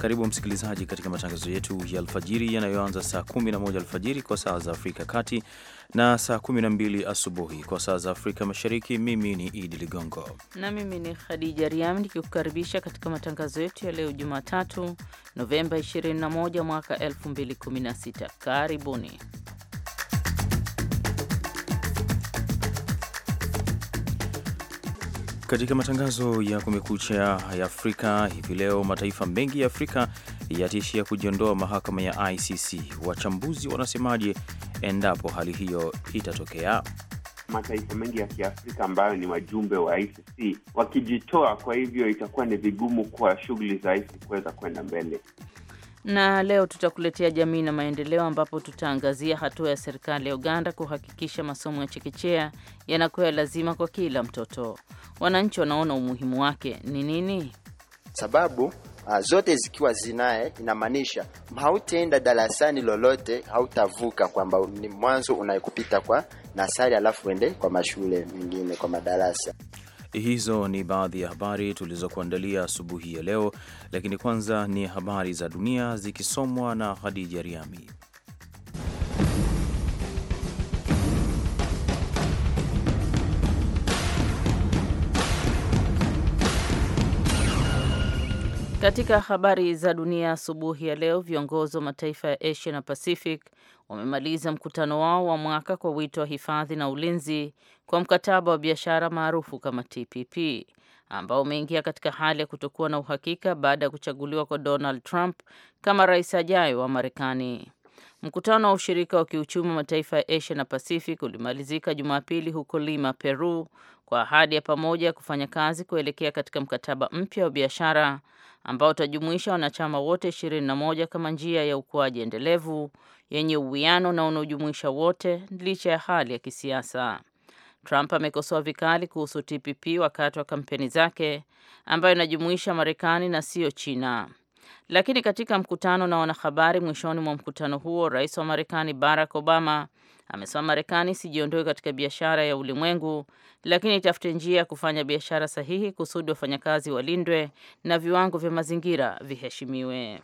Karibu msikilizaji katika matangazo yetu ya alfajiri yanayoanza saa 11 alfajiri kwa saa za Afrika kati na saa 12 asubuhi kwa saa za Afrika Mashariki. Mimi ni Idi Ligongo na mimi ni Khadija Riami nikikukaribisha katika matangazo yetu ya leo Jumatatu, Novemba 21 mwaka 2016. Karibuni. Katika matangazo ya kumekucha ya Afrika hivi leo, mataifa mengi ya Afrika yatishia kujiondoa mahakama ya ICC. Wachambuzi wanasemaje endapo hali hiyo itatokea? Mataifa mengi ya Kiafrika ambayo ni wajumbe wa ICC wakijitoa, kwa hivyo itakuwa ni vigumu kwa shughuli za ICC kuweza kwenda mbele na leo tutakuletea jamii na maendeleo, ambapo tutaangazia hatua ya serikali ya Uganda kuhakikisha masomo ya chekechea yanakuwa ya lazima kwa kila mtoto. Wananchi wanaona umuhimu wake ni nini? Sababu ah, zote zikiwa zinaye, inamaanisha hautaenda darasani lolote, hautavuka kwamba ni mwanzo unayekupita kwa nasari, alafu uende kwa mashule mengine, kwa madarasa Hizo ni baadhi ya habari tulizokuandalia asubuhi ya leo, lakini kwanza ni habari za dunia zikisomwa na hadija Riami. Katika habari za dunia asubuhi ya leo, viongozi wa mataifa ya Asia na Pacific wamemaliza mkutano wao wa mwaka kwa wito wa hifadhi na ulinzi kwa mkataba wa biashara maarufu kama TPP ambao umeingia katika hali ya kutokuwa na uhakika baada ya kuchaguliwa kwa Donald Trump kama rais ajayo wa Marekani. Mkutano wa ushirika wa kiuchumi wa mataifa ya Asia na Pacific ulimalizika Jumapili huko Lima, Peru, kwa ahadi ya pamoja ya kufanya kazi kuelekea katika mkataba mpya wa biashara ambao utajumuisha wanachama wote 21 kama njia ya ukuaji endelevu yenye uwiano na unaojumuisha wote licha ya hali ya kisiasa. Trump amekosoa vikali kuhusu TPP wakati wa kampeni zake ambayo inajumuisha Marekani na siyo China. Lakini katika mkutano na wanahabari mwishoni mwa mkutano huo, Rais wa Marekani Barack Obama Amesema Marekani sijiondoe katika biashara ya ulimwengu, lakini itafute njia ya kufanya biashara sahihi kusudi wafanyakazi walindwe na viwango vya mazingira viheshimiwe.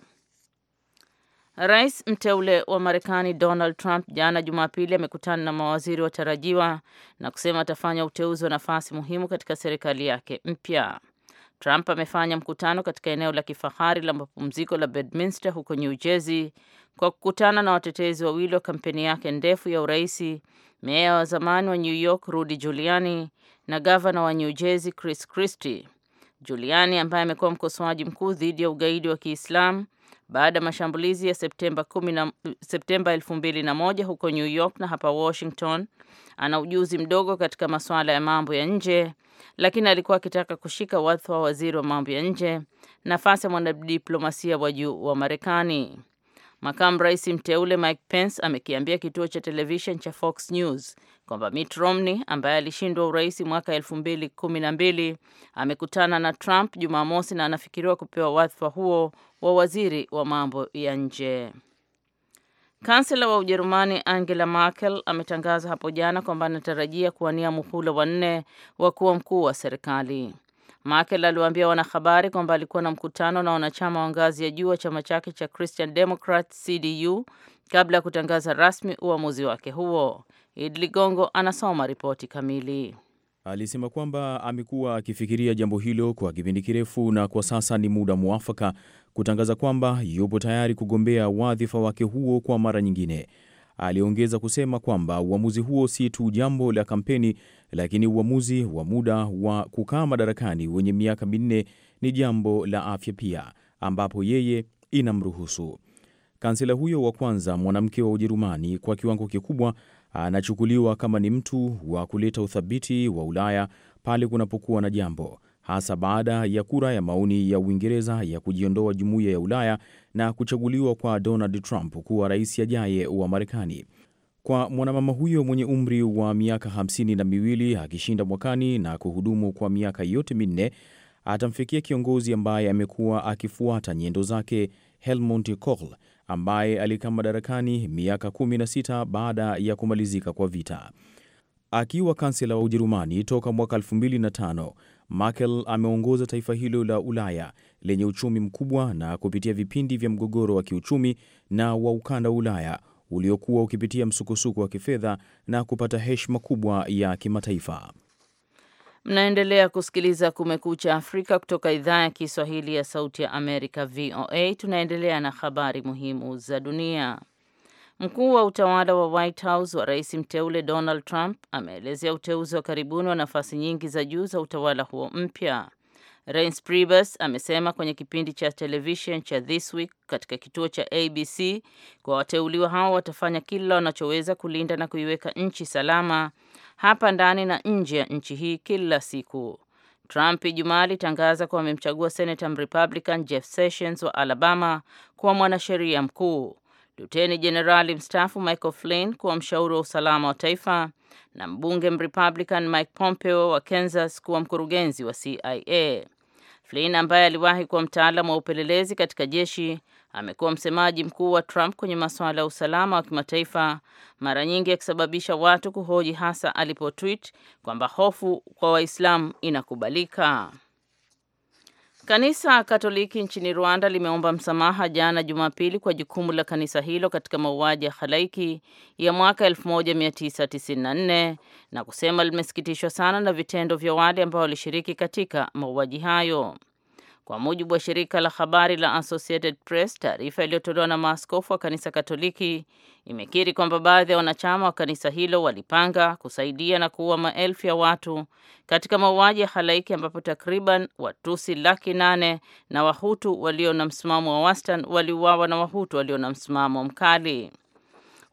Rais mteule wa Marekani Donald Trump jana Jumapili amekutana na mawaziri watarajiwa na kusema atafanya uteuzi wa nafasi muhimu katika serikali yake mpya. Trump amefanya mkutano katika eneo la kifahari la mapumziko la Bedminster huko New Jersey kwa kukutana na watetezi wawili wa kampeni yake ndefu ya uraisi, meya wa zamani wa New York Rudy Giuliani na gavana wa New Jersey Chris Christie. Giuliani ambaye amekuwa mkosoaji mkuu dhidi ya ugaidi wa Kiislamu baada ya mashambulizi ya Septemba 10 Septemba 2001 huko New York na hapa Washington. Ana ujuzi mdogo katika masuala ya mambo ya nje, lakini alikuwa akitaka kushika wadhifa wa waziri wa mambo ya nje, nafasi ya mwanadiplomasia wa juu wa Marekani. Makamu Rais mteule Mike Pence amekiambia kituo cha television cha Fox News kwamba Mitt Romney ambaye alishindwa urais mwaka elfu mbili kumi na mbili amekutana na Trump Jumamosi na anafikiriwa kupewa wadhifa huo wa waziri wa mambo ya nje. Kansela wa Ujerumani Angela Merkel ametangaza hapo jana kwamba anatarajia kuwania muhula wa nne wa kuwa mkuu wa serikali. Merkel aliwaambia wanahabari kwamba alikuwa na mkutano na wanachama wa ngazi ya juu wa chama chake cha Christian Democrat CDU kabla ya kutangaza rasmi uamuzi wake huo id Ligongo anasoma ripoti kamili. Alisema kwamba amekuwa akifikiria jambo hilo kwa kipindi kirefu na kwa sasa ni muda muafaka kutangaza kwamba yupo tayari kugombea wadhifa wake huo kwa mara nyingine. Aliongeza kusema kwamba uamuzi huo si tu jambo la kampeni, lakini uamuzi wa muda wa kukaa madarakani wenye miaka minne ni jambo la afya pia, ambapo yeye inamruhusu. Kansela huyo wa kwanza mwanamke wa Ujerumani kwa kiwango kikubwa anachukuliwa kama ni mtu wa kuleta uthabiti wa Ulaya pale kunapokuwa na jambo, hasa baada ya kura ya maoni ya Uingereza ya kujiondoa jumuiya ya Ulaya na kuchaguliwa kwa Donald Trump kuwa rais ajaye wa Marekani. Kwa mwanamama huyo mwenye umri wa miaka hamsini na miwili akishinda mwakani na kuhudumu kwa miaka yote minne, atamfikia kiongozi ambaye amekuwa akifuata nyendo zake Helmut Kohl ambaye alikaa madarakani miaka 16 baada ya kumalizika kwa vita. Akiwa kansela wa Ujerumani toka mwaka 2005, Merkel ameongoza taifa hilo la Ulaya lenye uchumi mkubwa na kupitia vipindi vya mgogoro wa kiuchumi na wa ukanda wa Ulaya uliokuwa ukipitia msukosuko wa kifedha na kupata heshima kubwa ya kimataifa. Mnaendelea kusikiliza Kumekucha Afrika kutoka idhaa ya Kiswahili ya Sauti ya Amerika, VOA. Tunaendelea na habari muhimu za dunia. Mkuu wa utawala wa White House wa rais mteule Donald Trump ameelezea uteuzi wa karibuni wa nafasi nyingi za juu za utawala huo mpya. Reince Priebus amesema kwenye kipindi cha television cha This Week katika kituo cha ABC kwa wateuliwa hao watafanya kila wanachoweza kulinda na kuiweka nchi salama hapa ndani na nje ya nchi hii kila siku. Trump Ijumaa alitangaza kuwa amemchagua Senator Mrepublican Jeff Sessions wa Alabama kuwa mwanasheria mkuu. Luteni Jenerali mstaafu Michael Flynn kuwa mshauri wa usalama wa taifa na mbunge Mrepublican Mike Pompeo wa Kansas kuwa mkurugenzi wa CIA. Flynn ambaye aliwahi kuwa mtaalamu wa upelelezi katika jeshi amekuwa msemaji mkuu wa Trump kwenye masuala ya usalama wa kimataifa, mara nyingi akisababisha watu kuhoji, hasa alipotweet kwamba hofu kwa Waislamu inakubalika. Kanisa Katoliki nchini Rwanda limeomba msamaha jana Jumapili kwa jukumu la kanisa hilo katika mauaji ya halaiki ya mwaka 1994 na kusema limesikitishwa sana na vitendo vya wale ambao walishiriki katika mauaji hayo. Kwa mujibu wa shirika la habari la Associated Press, taarifa iliyotolewa na maaskofu wa kanisa Katoliki imekiri kwamba baadhi ya wanachama wa kanisa hilo walipanga kusaidia na kuua maelfu ya watu katika mauaji ya halaiki ambapo takriban Watusi laki nane na Wahutu walio na msimamo wa wastan waliuawa na Wahutu walio na msimamo mkali.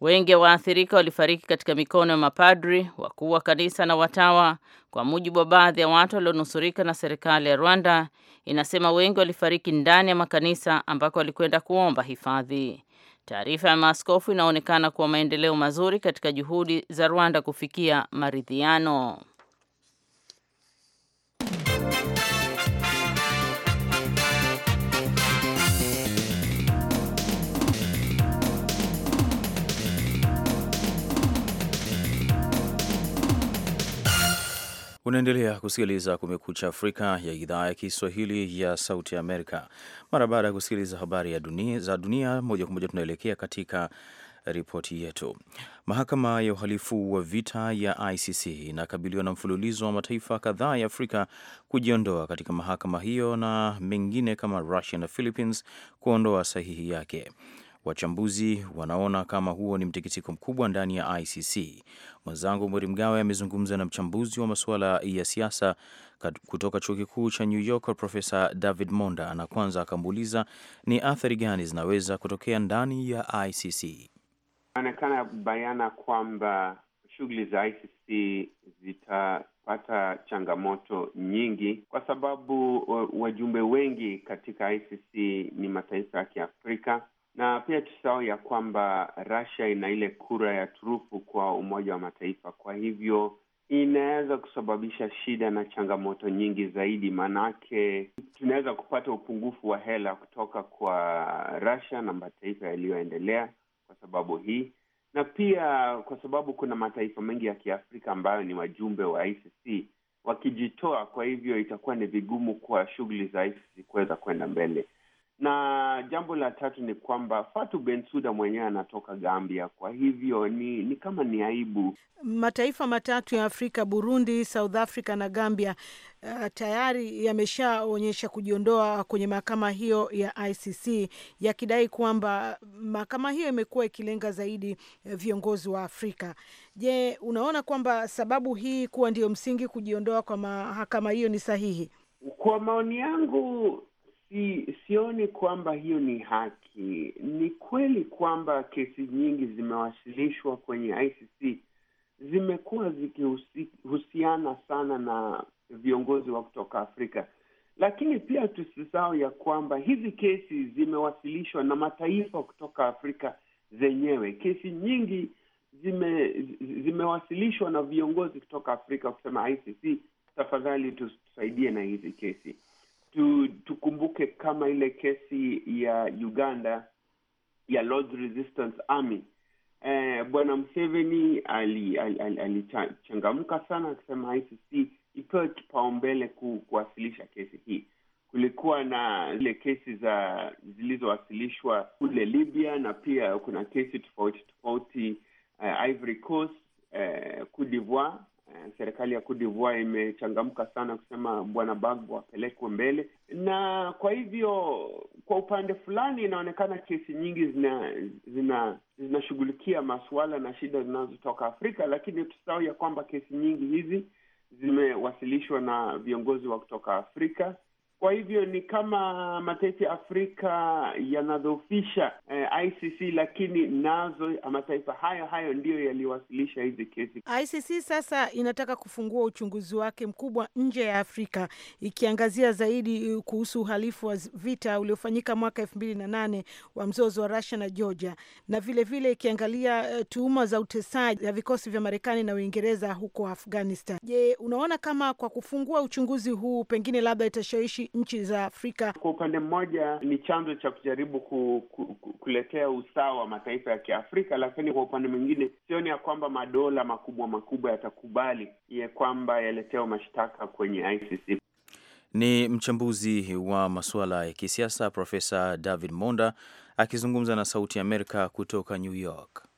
Wengi wa waathirika walifariki katika mikono ya mapadri, wakuu wa kanisa na watawa, kwa mujibu wa baadhi ya watu walionusurika na serikali ya Rwanda inasema wengi walifariki ndani ya makanisa ambako walikwenda kuomba hifadhi. Taarifa ya maaskofu inaonekana kuwa maendeleo mazuri katika juhudi za Rwanda kufikia maridhiano. Unaendelea kusikiliza Kumekucha Afrika ya idhaa ya Kiswahili ya Sauti Amerika. Mara baada ya kusikiliza habari ya dunia, za dunia moja kwa moja, tunaelekea katika ripoti yetu. Mahakama ya uhalifu wa vita ya ICC inakabiliwa na mfululizo wa mataifa kadhaa ya Afrika kujiondoa katika mahakama hiyo na mengine kama Russia na Philippines kuondoa sahihi yake. Wachambuzi wanaona kama huo ni mtikisiko mkubwa ndani ya ICC. Mwenzangu Mweri Mgawe amezungumza na mchambuzi wa masuala ya siasa kutoka chuo kikuu cha New York, Profesa David Monda, na kwanza akamuuliza ni athari gani zinaweza kutokea ndani ya ICC. Inaonekana bayana kwamba shughuli za ICC zitapata changamoto nyingi kwa sababu wajumbe wengi katika ICC ni mataifa ya Kiafrika na pia tusahau ya kwamba rasia ina ile kura ya turufu kwa Umoja wa Mataifa, kwa hivyo inaweza kusababisha shida na changamoto nyingi zaidi, maanaake tunaweza kupata upungufu wa hela kutoka kwa rasia na mataifa yaliyoendelea kwa sababu hii, na pia kwa sababu kuna mataifa mengi ya Kiafrika ambayo ni wajumbe wa ICC wakijitoa, kwa hivyo itakuwa ni vigumu kwa shughuli za ICC kuweza kwenda mbele na jambo la tatu ni kwamba Fatu Bensuda mwenyewe anatoka Gambia, kwa hivyo ni, ni kama ni aibu. Mataifa matatu ya Afrika, Burundi, South Africa na Gambia, uh, tayari yameshaonyesha kujiondoa kwenye mahakama hiyo ya ICC yakidai kwamba mahakama hiyo imekuwa ikilenga zaidi uh, viongozi wa Afrika. Je, unaona kwamba sababu hii kuwa ndiyo msingi kujiondoa kwa mahakama hiyo ni sahihi? Kwa maoni yangu si, sioni kwamba hiyo ni haki. Ni kweli kwamba kesi nyingi zimewasilishwa kwenye ICC zimekuwa zikihusiana sana na viongozi wa kutoka Afrika, lakini pia tusisahau ya kwamba hizi kesi zimewasilishwa na mataifa kutoka Afrika zenyewe. Kesi nyingi zime, zimewasilishwa na viongozi kutoka Afrika kusema ICC, tafadhali tusaidie na hizi kesi tu, tukumbuke kama ile kesi ya Uganda ya Lord's Resistance Army. Eh, Bwana mseveni alichangamka ali, ali, ali sana akisema ICC ipewe kipaumbele ku, kuwasilisha kesi hii. Kulikuwa na zile kesi za zilizowasilishwa kule Libya na pia kuna kesi tofauti tofauti, uh, Ivory Coast, uh, Cote d'Ivoire Eh, serikali ya Cote d'Ivoire imechangamka sana kusema bwana Bagbo apelekwe mbele, na kwa hivyo, kwa upande fulani inaonekana kesi nyingi zinashughulikia zina, zina masuala na shida zinazotoka Afrika, lakini tusahau ya kwamba kesi nyingi hizi zimewasilishwa na viongozi wa kutoka Afrika kwa hivyo ni kama mataifa ya Afrika yanadhoofisha eh, ICC, lakini nazo mataifa hayo hayo ndiyo yaliwasilisha hizi kesi. ICC sasa inataka kufungua uchunguzi wake mkubwa nje ya Afrika, ikiangazia zaidi eh, kuhusu uhalifu wa vita uliofanyika mwaka elfu mbili na nane wa mzozo wa Russia na Georgia, na vilevile vile ikiangalia eh, tuhuma za utesaji ya vikosi vya Marekani na Uingereza huko Afghanistan. Je, unaona kama kwa kufungua uchunguzi huu pengine labda itashawishi nchi za Afrika. Kwa upande mmoja ni chanzo cha kujaribu ku, ku, ku, kuletea usawa wa mataifa ya Kiafrika, lakini kwa upande mwingine sioni ya kwamba madola makubwa makubwa yatakubali ya kwamba yaletewa mashtaka kwenye ICC. Ni mchambuzi wa masuala ya kisiasa Profesa David Monda akizungumza na Sauti ya Amerika kutoka New York.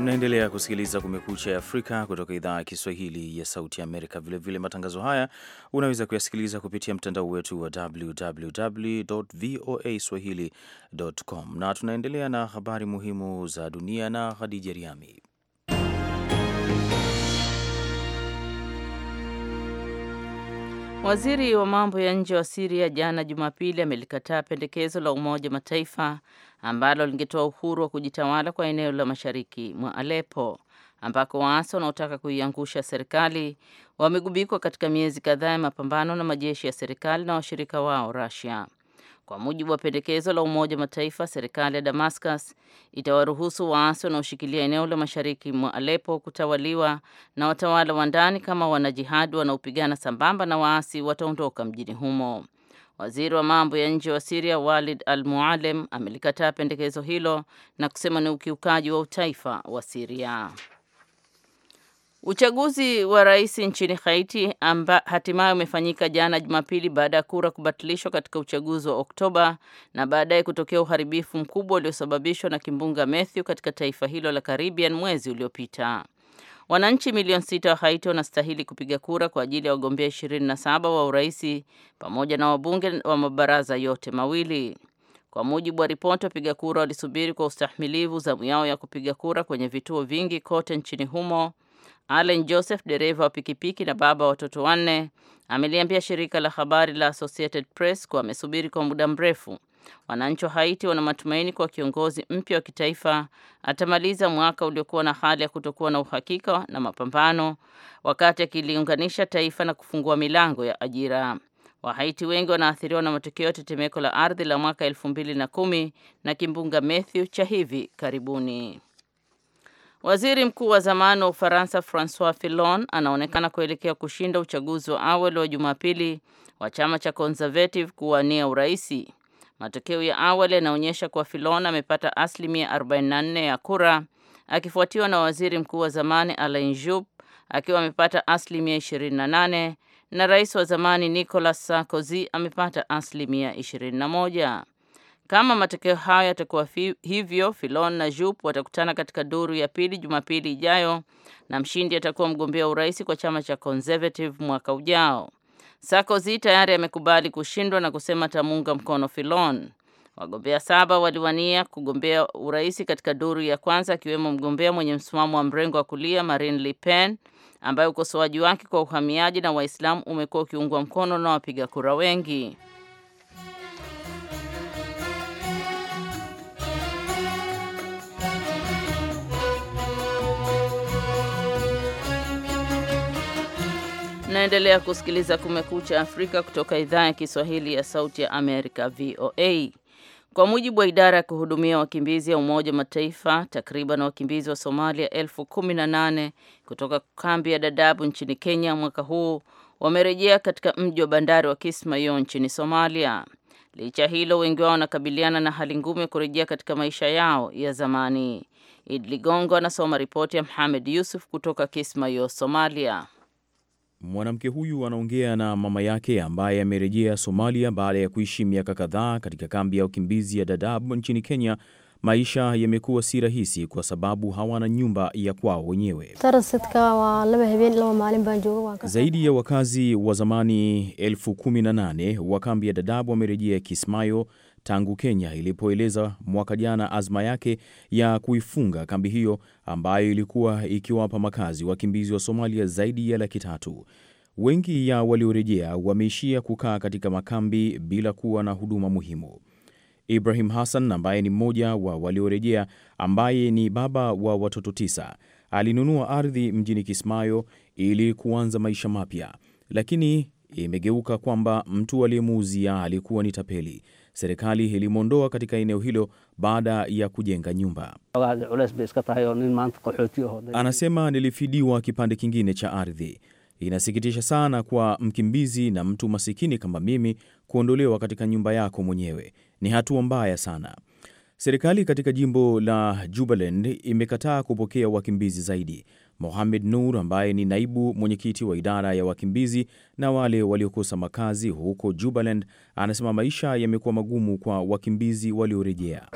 Mnaendelea kusikiliza Kumekucha ya Afrika kutoka idhaa ya Kiswahili ya Sauti ya Amerika. Vilevile matangazo haya unaweza kuyasikiliza kupitia mtandao wetu wa www voa swahili.com, na tunaendelea na habari muhimu za dunia na Khadija Riami. Waziri wa mambo ya nje wa Siria jana Jumapili amelikataa pendekezo la Umoja wa Mataifa ambalo lingetoa uhuru wa kujitawala kwa eneo la mashariki mwa Aleppo ambako waasi wanaotaka kuiangusha serikali wamegubikwa katika miezi kadhaa ya mapambano na majeshi ya serikali na washirika wao Russia. Kwa mujibu wa pendekezo la Umoja wa Mataifa, serikali ya Damascus itawaruhusu waasi wanaoshikilia eneo la mashariki mwa Aleppo kutawaliwa na watawala wa ndani kama wanajihadi wanaopigana sambamba na waasi wataondoka mjini humo. Waziri wa mambo ya nje wa Siria Walid al-Mualem amelikataa pendekezo hilo na kusema ni ukiukaji wa utaifa wa Siria. Uchaguzi wa rais nchini Haiti amba hatimaye umefanyika jana Jumapili baada ya kura kubatilishwa katika uchaguzi wa Oktoba na baadaye kutokea uharibifu mkubwa uliosababishwa na kimbunga Matthew katika taifa hilo la Caribbean mwezi uliopita. Wananchi milioni sita wa Haiti wanastahili kupiga kura kwa ajili ya wagombea 27 wa uraisi pamoja na wabunge wa mabaraza yote mawili. Kwa mujibu wa ripoti, wapiga kura walisubiri kwa ustahimilivu zamu yao ya kupiga kura kwenye vituo vingi kote nchini humo. Allen Joseph, dereva wa pikipiki na baba wa watoto wanne, ameliambia shirika la habari la Associated Press kuwa amesubiri kwa muda mrefu Wananchi wa Haiti wana matumaini kwa kiongozi mpya wa kitaifa atamaliza mwaka uliokuwa na hali ya kutokuwa na uhakika na mapambano, wakati akiliunganisha taifa na kufungua milango ya ajira. Wahaiti wengi wanaathiriwa na matokeo ya tetemeko la ardhi la mwaka elfu mbili na kumi na kimbunga Matthew cha hivi karibuni. Waziri mkuu wa zamani wa Ufaransa Francois Fillon anaonekana kuelekea kushinda uchaguzi wa awali wa Jumapili wa chama cha Conservative kuwania uraisi. Matokeo ya awali yanaonyesha kuwa Fillon amepata asilimia 44 ya kura akifuatiwa na waziri mkuu wa zamani Alain jup akiwa amepata asilimia 28 na rais wa zamani Nicolas Sarkozy amepata asilimia 21. Kama matokeo hayo yatakuwa hivyo, Fillon na jup watakutana katika duru ya pili Jumapili ijayo na mshindi atakuwa mgombea urais kwa chama cha Conservative mwaka ujao. Sarkozy tayari amekubali kushindwa na kusema tamuunga mkono Filon. Wagombea saba waliwania kugombea urais katika duru ya kwanza, akiwemo mgombea mwenye msimamo wa mrengo wa kulia Marine Le Pen ambaye ukosoaji wake kwa uhamiaji na Waislamu umekuwa ukiungwa mkono na wapiga kura wengi. naendelea kusikiliza Kumekucha Afrika kutoka idhaa ya Kiswahili ya Sauti ya Amerika, VOA. Kwa mujibu wa idara ya kuhudumia wakimbizi ya Umoja wa Mataifa, takriban wakimbizi wa Somalia elfu kumi na nane kutoka kambi ya dadabu nchini Kenya mwaka huu wamerejea katika mji wa bandari wa Kismayo nchini Somalia. Licha hilo, wengi wao wanakabiliana na hali ngumu ya kurejea katika maisha yao ya zamani. Idi Ligongo anasoma ripoti ya Mohamed Yusuf kutoka Kismayo, Somalia. Mwanamke huyu anaongea na mama yake ambaye amerejea Somalia baada ya kuishi miaka kadhaa katika kambi ya wakimbizi ya Dadaab nchini Kenya. Maisha yamekuwa si rahisi kwa sababu hawana nyumba ya kwao wenyewe. Zaidi ya wakazi wa zamani elfu kumi na nane wa kambi ya Dadaab wamerejea Kismayo tangu Kenya ilipoeleza mwaka jana azma yake ya kuifunga kambi hiyo ambayo ilikuwa ikiwapa makazi wakimbizi wa Somalia zaidi ya laki tatu. Wengi ya waliorejea wameishia kukaa katika makambi bila kuwa na huduma muhimu. Ibrahim Hassan ambaye ni mmoja wa waliorejea, ambaye ni baba wa watoto tisa, alinunua ardhi mjini Kismayo ili kuanza maisha mapya, lakini imegeuka kwamba mtu aliyemuuzia alikuwa ni tapeli serikali ilimwondoa katika eneo hilo baada ya kujenga nyumba. Anasema, nilifidiwa kipande kingine cha ardhi. Inasikitisha sana kwa mkimbizi na mtu masikini kama mimi kuondolewa katika nyumba yako mwenyewe, ni hatua mbaya sana. Serikali katika jimbo la Jubaland imekataa kupokea wakimbizi zaidi Mohamed Nur ambaye ni naibu mwenyekiti wa idara ya wakimbizi na wale waliokosa makazi huko Jubaland anasema maisha yamekuwa magumu kwa wakimbizi waliorejea.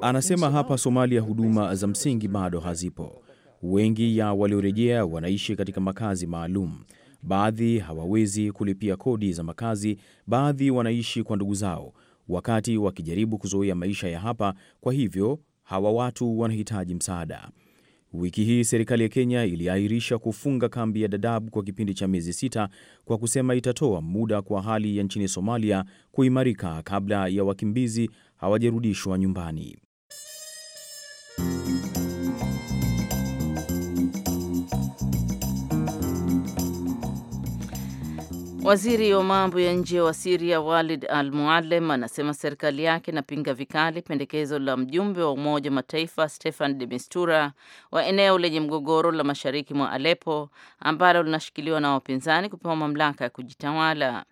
Anasema hapa Somalia huduma za msingi bado hazipo. Wengi ya waliorejea wanaishi katika makazi maalum. Baadhi hawawezi kulipia kodi za makazi, baadhi wanaishi kwa ndugu zao wakati wakijaribu kuzoea maisha ya hapa. Kwa hivyo hawa watu wanahitaji msaada. Wiki hii serikali ya Kenya iliahirisha kufunga kambi ya Dadaab kwa kipindi cha miezi sita kwa kusema itatoa muda kwa hali ya nchini Somalia kuimarika kabla ya wakimbizi hawajarudishwa nyumbani. Waziri wa mambo ya nje wa Siria Walid al Mualem anasema serikali yake inapinga vikali pendekezo la mjumbe wa Umoja wa Mataifa Stefan de Mistura wa eneo lenye mgogoro la mashariki mwa Alepo ambalo linashikiliwa na wapinzani kupewa mamlaka ya kujitawala.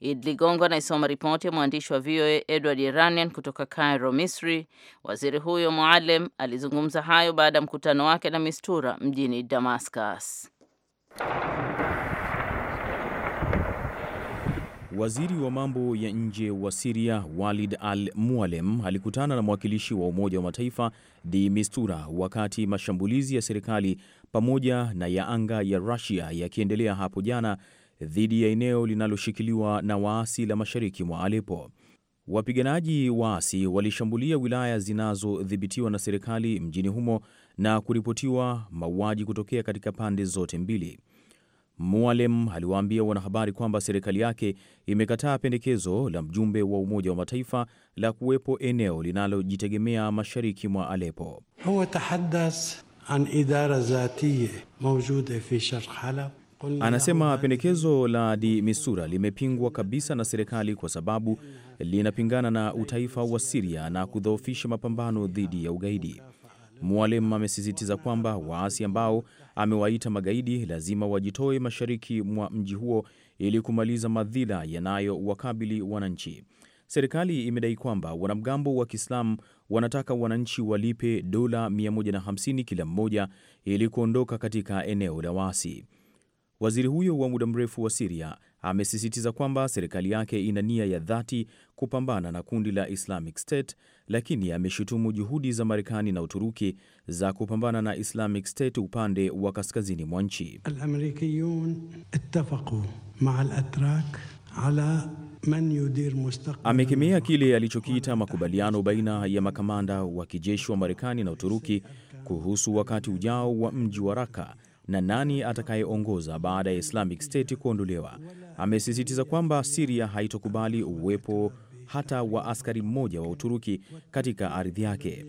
Id Ligongo anaisoma ripoti ya mwandishi wa VOA Edward Iranian kutoka Cairo, Misri. Waziri huyo Mualem alizungumza hayo baada ya mkutano wake na Mistura mjini Damascus. Waziri wa mambo ya nje wa Siria Walid al-Mualem alikutana na mwakilishi wa Umoja wa Mataifa Di Mistura wakati mashambulizi ya serikali pamoja na ya anga ya rusia yakiendelea hapo jana dhidi ya eneo linaloshikiliwa na waasi la mashariki mwa alepo Wapiganaji waasi walishambulia wilaya zinazodhibitiwa na serikali mjini humo na kuripotiwa mauaji kutokea katika pande zote mbili. Mualem aliwaambia wanahabari kwamba serikali yake imekataa pendekezo la mjumbe wa Umoja wa Mataifa la kuwepo eneo linalojitegemea mashariki mwa Alepo. Anasema pendekezo la Di misura limepingwa kabisa na serikali kwa sababu linapingana na utaifa wa Siria na kudhoofisha mapambano dhidi ya ugaidi. Mwalem amesisitiza kwamba waasi ambao amewaita magaidi lazima wajitoe mashariki mwa mji huo ili kumaliza madhila yanayowakabili wananchi. Serikali imedai kwamba wanamgambo wa Kiislamu wanataka wananchi walipe dola 150 kila mmoja ili kuondoka katika eneo la waasi. Waziri huyo wa muda mrefu wa Siria amesisitiza kwamba serikali yake ina nia ya dhati kupambana na kundi la Islamic State, lakini ameshutumu juhudi za Marekani na Uturuki za kupambana na Islamic State upande wa kaskazini mwa nchi. Amekemea kile alichokiita makubaliano baina ya makamanda wa kijeshi wa Marekani na Uturuki kuhusu wakati ujao wa mji wa Raka na nani atakayeongoza baada ya Islamic State kuondolewa amesisitiza kwamba Siria haitokubali uwepo hata wa askari mmoja wa Uturuki katika ardhi yake.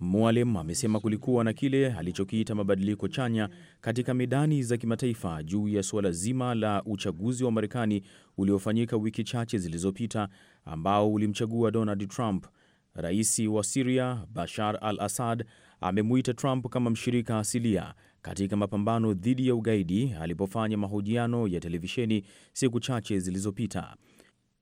Mwalem amesema kulikuwa na kile alichokiita mabadiliko chanya katika medani za kimataifa juu ya suala zima la uchaguzi wa Marekani uliofanyika wiki chache zilizopita ambao ulimchagua Donald Trump. Rais wa Siria Bashar al-Assad amemuita Trump kama mshirika asilia katika mapambano dhidi ya ugaidi alipofanya mahojiano ya televisheni siku chache zilizopita.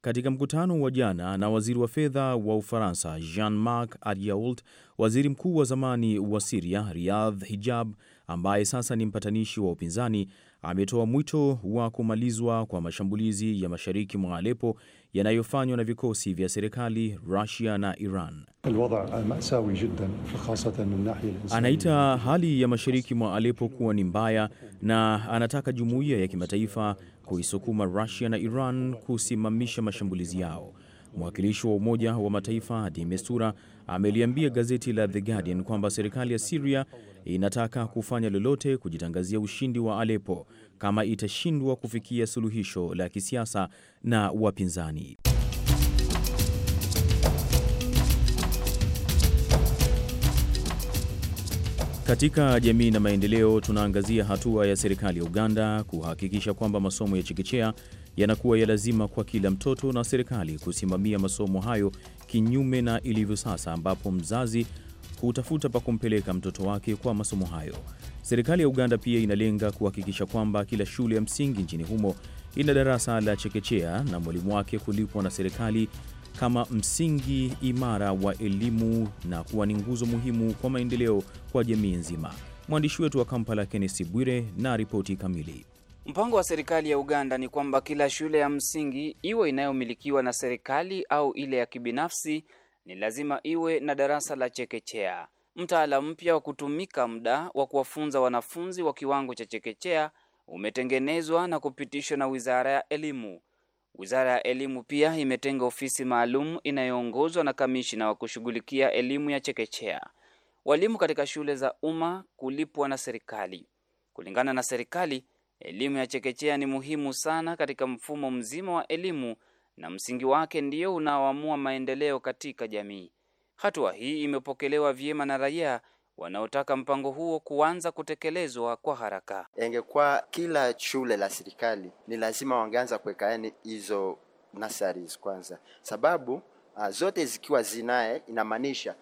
Katika mkutano wa jana na waziri wa fedha wa Ufaransa Jean-Marc Ayrault, waziri mkuu wa zamani wa Siria Riyadh Hijab ambaye sasa ni mpatanishi wa upinzani ametoa mwito wa kumalizwa kwa mashambulizi ya mashariki mwa Alepo yanayofanywa na vikosi vya serikali, Rusia na Iran. Anaita hali ya mashariki mwa Alepo kuwa ni mbaya na anataka jumuiya ya kimataifa kuisukuma Rusia na Iran kusimamisha mashambulizi yao. Mwakilishi wa Umoja wa Mataifa Di ameliambia gazeti la The Guardian kwamba serikali ya Siria inataka kufanya lolote kujitangazia ushindi wa Aleppo kama itashindwa kufikia suluhisho la kisiasa na wapinzani. Katika jamii na maendeleo, tunaangazia hatua ya serikali ya Uganda kuhakikisha kwamba masomo ya chekechea yanakuwa ya lazima kwa kila mtoto na serikali kusimamia masomo hayo kinyume na ilivyo sasa, ambapo mzazi kutafuta pa kumpeleka mtoto wake kwa masomo hayo. Serikali ya Uganda pia inalenga kuhakikisha kwamba kila shule ya msingi nchini humo ina darasa la chekechea na mwalimu wake kulipwa na serikali kama msingi imara wa elimu na kuwa ni nguzo muhimu kwa maendeleo kwa jamii nzima. Mwandishi wetu wa Kampala Kennesi Bwire na ripoti kamili. Mpango wa serikali ya Uganda ni kwamba kila shule ya msingi iwe inayomilikiwa na serikali au ile ya kibinafsi ni lazima iwe na darasa la chekechea, mtaala mpya wa kutumika muda wa kuwafunza wanafunzi wa kiwango cha chekechea umetengenezwa na kupitishwa na Wizara ya Elimu. Wizara ya Elimu pia imetenga ofisi maalum inayoongozwa na kamishina wa kushughulikia elimu ya chekechea. Walimu katika shule za umma kulipwa na serikali. Kulingana na serikali, elimu ya chekechea ni muhimu sana katika mfumo mzima wa elimu na msingi wake ndio unaoamua maendeleo katika jamii. Hatua hii imepokelewa vyema na raia wanaotaka mpango huo kuanza kutekelezwa kwa haraka. Ingekuwa kila shule la serikali ni lazima wangeanza kuweka yani hizo nasaris kwanza, sababu ah, zote zikiwa zinaye, inamaanisha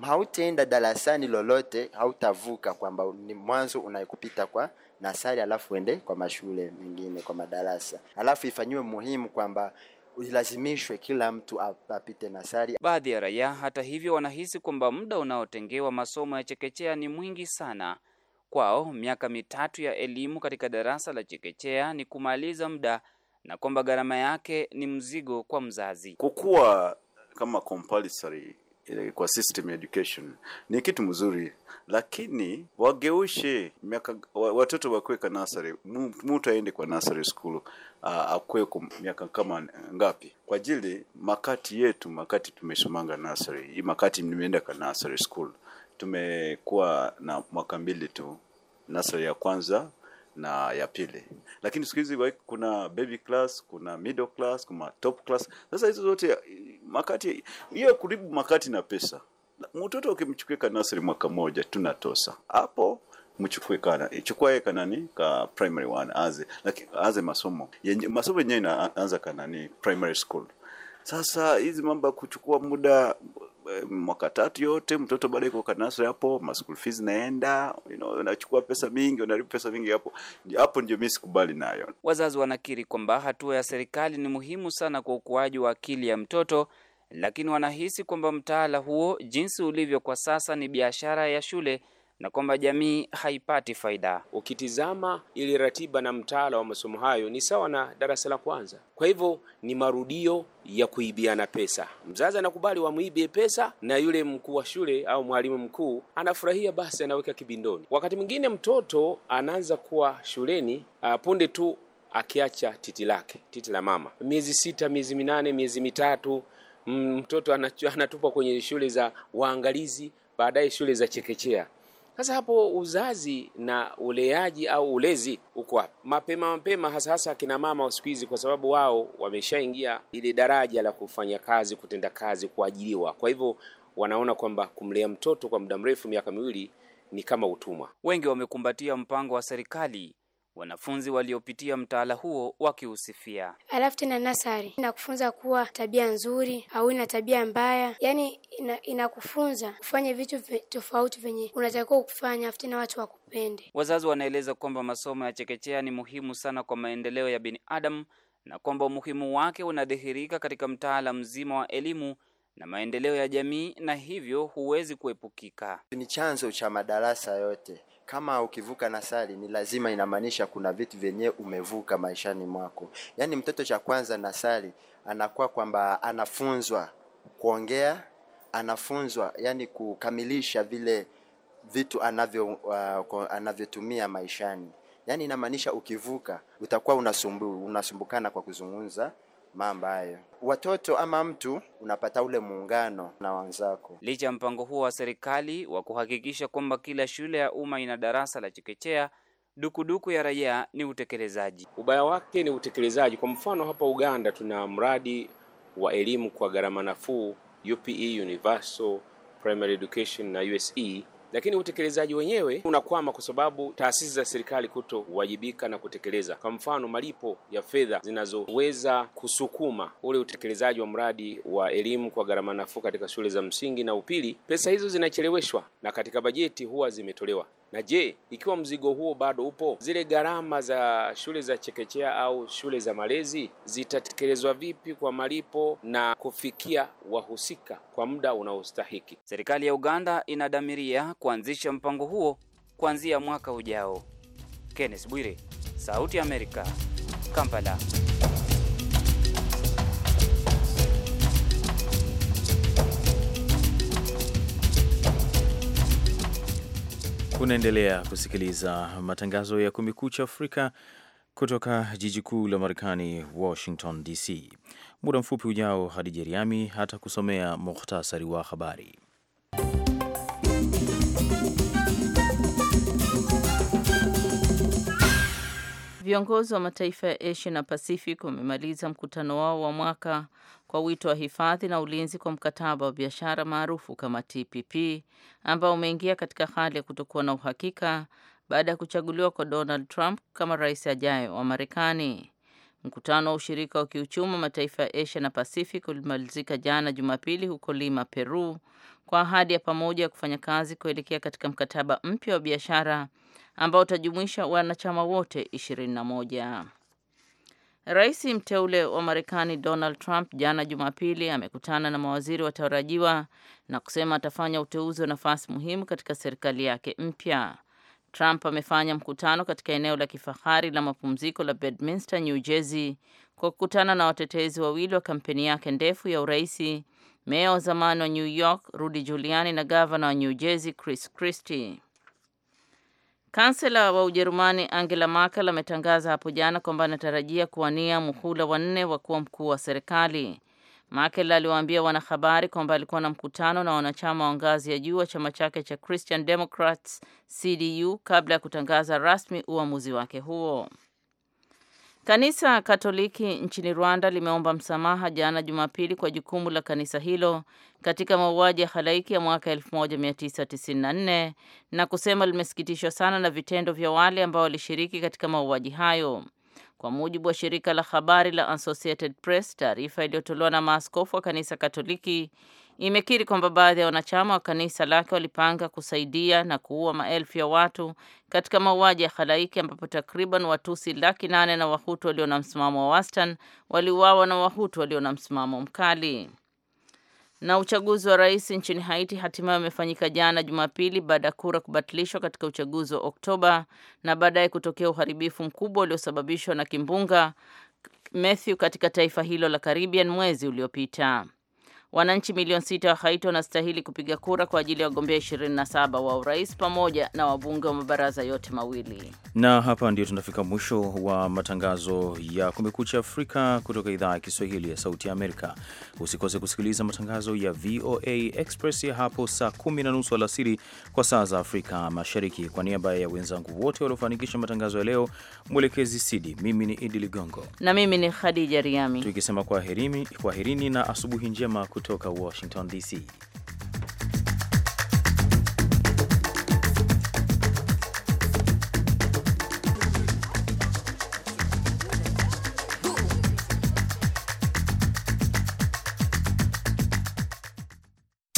hautaenda darasani lolote, hautavuka kwamba ni mwanzo unayekupita kwa nasari, alafu uende kwa mashule mengine kwa madarasa, alafu ifanyiwe muhimu kwamba ulazimishwe kila mtu apite nasari. Baadhi ya raia hata hivyo wanahisi kwamba muda unaotengewa masomo ya chekechea ni mwingi sana. Kwao miaka mitatu ya elimu katika darasa la chekechea ni kumaliza muda na kwamba gharama yake ni mzigo kwa mzazi, kwa kama compulsory Eh, kwa system education ni kitu mzuri, lakini wageushe miaka, watoto wakuwe kwa nursery, mtu aende kwa nursery school akuwe kwa miaka kama ngapi? Kwa ajili makati yetu, makati tumesomanga nursery, makati nimeenda kwa nursery school, tumekuwa na mwaka mbili tu, nursery ya kwanza na ya pili, lakini siku hizi kuna baby class, kuna middle class, kuna top class. Sasa hizo zote makati hiyo kuribu makati na pesa mtoto ukimchukua kanasri mwaka moja tunatosa hapo mchukue kana ichukue kanani ka primary one aze lakini aze masomo yenye masomo yenyewe inaanza kanani primary school sasa hizi mambo ya kuchukua muda Eh, mwaka tatu yote mtoto bado kwa kanasri hapo, ma school fees naenda, you know, unachukua pesa mingi, unalipa pesa mingi hapo. Hapo ndio mimi sikubali nayo. Wazazi wanakiri kwamba hatua ya serikali ni muhimu sana kwa ukuaji wa akili ya mtoto, lakini wanahisi kwamba mtaala huo jinsi ulivyo kwa sasa ni biashara ya shule na kwamba jamii haipati faida. Ukitizama ili ratiba na mtaala wa masomo hayo ni sawa na darasa la kwanza, kwa hivyo ni marudio ya kuibiana pesa. Mzazi anakubali wamwibie pesa, na yule mkuu wa shule au mwalimu mkuu anafurahia, basi anaweka kibindoni. Wakati mwingine mtoto anaanza kuwa shuleni ah, punde tu akiacha titi lake, titi la mama, miezi sita, miezi minane, miezi mitatu, mm, mtoto anatupwa kwenye shule za waangalizi, baadaye shule za chekechea. Sasa hapo uzazi na uleaji au ulezi uko wapi? Mapema mapema, hasa hasa akina mama siku hizi, kwa sababu wao wameshaingia ile daraja la kufanya kazi, kutenda kazi, kuajiriwa. Kwa hivyo wanaona kwamba kumlea mtoto kwa muda mrefu, miaka miwili, ni kama utumwa. Wengi wamekumbatia mpango wa serikali wanafunzi waliopitia mtaala huo wakiusifia. Alafu tena nasari inakufunza kuwa tabia nzuri au ina tabia mbaya, yani inakufunza ina kufanya vitu tofauti venye unatakiwa kufanya, afu tena watu wakupende. Wazazi wanaeleza kwamba masomo ya chekechea ni muhimu sana kwa maendeleo ya binadamu na kwamba umuhimu wake unadhihirika katika mtaala mzima wa elimu na maendeleo ya jamii, na hivyo huwezi kuepukika. Ni chanzo cha madarasa yote. Kama ukivuka nasari ni lazima, inamaanisha kuna vitu vyenye umevuka maishani mwako. Yaani mtoto cha kwanza nasari anakuwa kwamba anafunzwa kuongea, anafunzwa yani kukamilisha vile vitu anavyo uh, anavyotumia maishani. Yaani inamaanisha ukivuka utakuwa unasumbu, unasumbukana kwa kuzungumza mambo hayo. Watoto ama mtu unapata ule muungano na wanzako. Licha ya mpango huo wa serikali wa kuhakikisha kwamba kila shule ya umma ina darasa la chekechea, dukuduku ya raia ni utekelezaji. Ubaya wake ni utekelezaji. Kwa mfano, hapa Uganda tuna mradi wa elimu kwa gharama nafuu, UPE, Universal Primary Education na USE lakini utekelezaji wenyewe unakwama kwa sababu taasisi za serikali kutowajibika na kutekeleza, kwa mfano malipo ya fedha zinazoweza kusukuma ule utekelezaji wa mradi wa elimu kwa gharama nafuu katika shule za msingi na upili, pesa hizo zinacheleweshwa na katika bajeti huwa zimetolewa. Na je, ikiwa mzigo huo bado upo, zile gharama za shule za chekechea au shule za malezi zitatekelezwa vipi kwa malipo na kufikia wahusika kwa muda unaostahiki? Serikali ya Uganda inadamiria kuanzisha mpango huo kuanzia mwaka ujao. Kenneth Bwire, Sauti ya Amerika, Kampala. Unaendelea kusikiliza matangazo ya Kumekucha Afrika kutoka jiji kuu la Marekani, Washington DC. Muda mfupi ujao, Hadija Riami hata kusomea muhtasari wa habari. Viongozi wa mataifa ya Asia na Pacific wamemaliza mkutano wao wa mwaka kwa wito wa hifadhi na ulinzi kwa mkataba wa biashara maarufu kama TPP ambao umeingia katika hali ya kutokuwa na uhakika baada ya kuchaguliwa kwa Donald Trump kama rais ajayo wa Marekani. Mkutano wa ushirika wa kiuchumi wa mataifa ya Asia na Pacific ulimalizika jana Jumapili huko Lima, Peru kwa ahadi ya pamoja ya kufanya kazi kuelekea katika mkataba mpya wa biashara ambao utajumuisha wanachama wote 21. Rais mteule wa Marekani Donald Trump jana Jumapili amekutana na mawaziri watarajiwa na kusema atafanya uteuzi wa nafasi muhimu katika serikali yake mpya. Trump amefanya mkutano katika eneo la kifahari la mapumziko la Bedminster, New Jersey, kwa kukutana na watetezi wawili wa kampeni yake ndefu ya uraisi, meya wa zamani wa New York Rudy Giuliani na gavana wa New Jersey Chris Christie. Kansela wa Ujerumani Angela Merkel ametangaza hapo jana kwamba anatarajia kuwania muhula wanne wa kuwa mkuu wa serikali. Merkel aliwaambia wanahabari kwamba alikuwa na mkutano na wanachama wa ngazi ya juu wa chama chake cha Christian Democrats CDU kabla ya kutangaza rasmi uamuzi wake huo. Kanisa Katoliki nchini Rwanda limeomba msamaha jana Jumapili kwa jukumu la kanisa hilo katika mauaji ya halaiki ya mwaka 1994 na kusema limesikitishwa sana na vitendo vya wale ambao walishiriki katika mauaji hayo. Kwa mujibu wa shirika la habari la Associated Press, taarifa iliyotolewa na maaskofu wa kanisa Katoliki imekiri kwamba baadhi ya wanachama wa kanisa lake walipanga kusaidia na kuua maelfu ya watu katika mauaji ya halaiki ambapo takriban Watusi laki nane na Wahutu walio na msimamo wa wastan waliuawa na Wahutu walio na msimamo mkali. Na uchaguzi wa rais nchini Haiti hatimaye umefanyika jana Jumapili baada ya kura kubatilishwa katika uchaguzi wa Oktoba na baadaye kutokea uharibifu mkubwa uliosababishwa na kimbunga Matthew katika taifa hilo la Caribbean mwezi uliopita. Wananchi milioni sita wa Haiti wanastahili kupiga kura kwa ajili ya wagombea 27 wa urais pamoja na wabunge wa mabaraza yote mawili. Na hapa ndio tunafika mwisho wa matangazo ya Kumekucha Afrika kutoka idhaa ya Kiswahili ya Sauti ya Amerika. Usikose kusikiliza matangazo ya VOA Express hapo saa kumi na nusu alasiri kwa saa za Afrika Mashariki. Kwa niaba ya wenzangu wote waliofanikisha matangazo ya leo, mwelekezi Sidi, mimi ni Idi Ligongo na mimi ni Khadija Riami, tukisema kwaherini kwa na asubuhi njema kutoka Washington DC.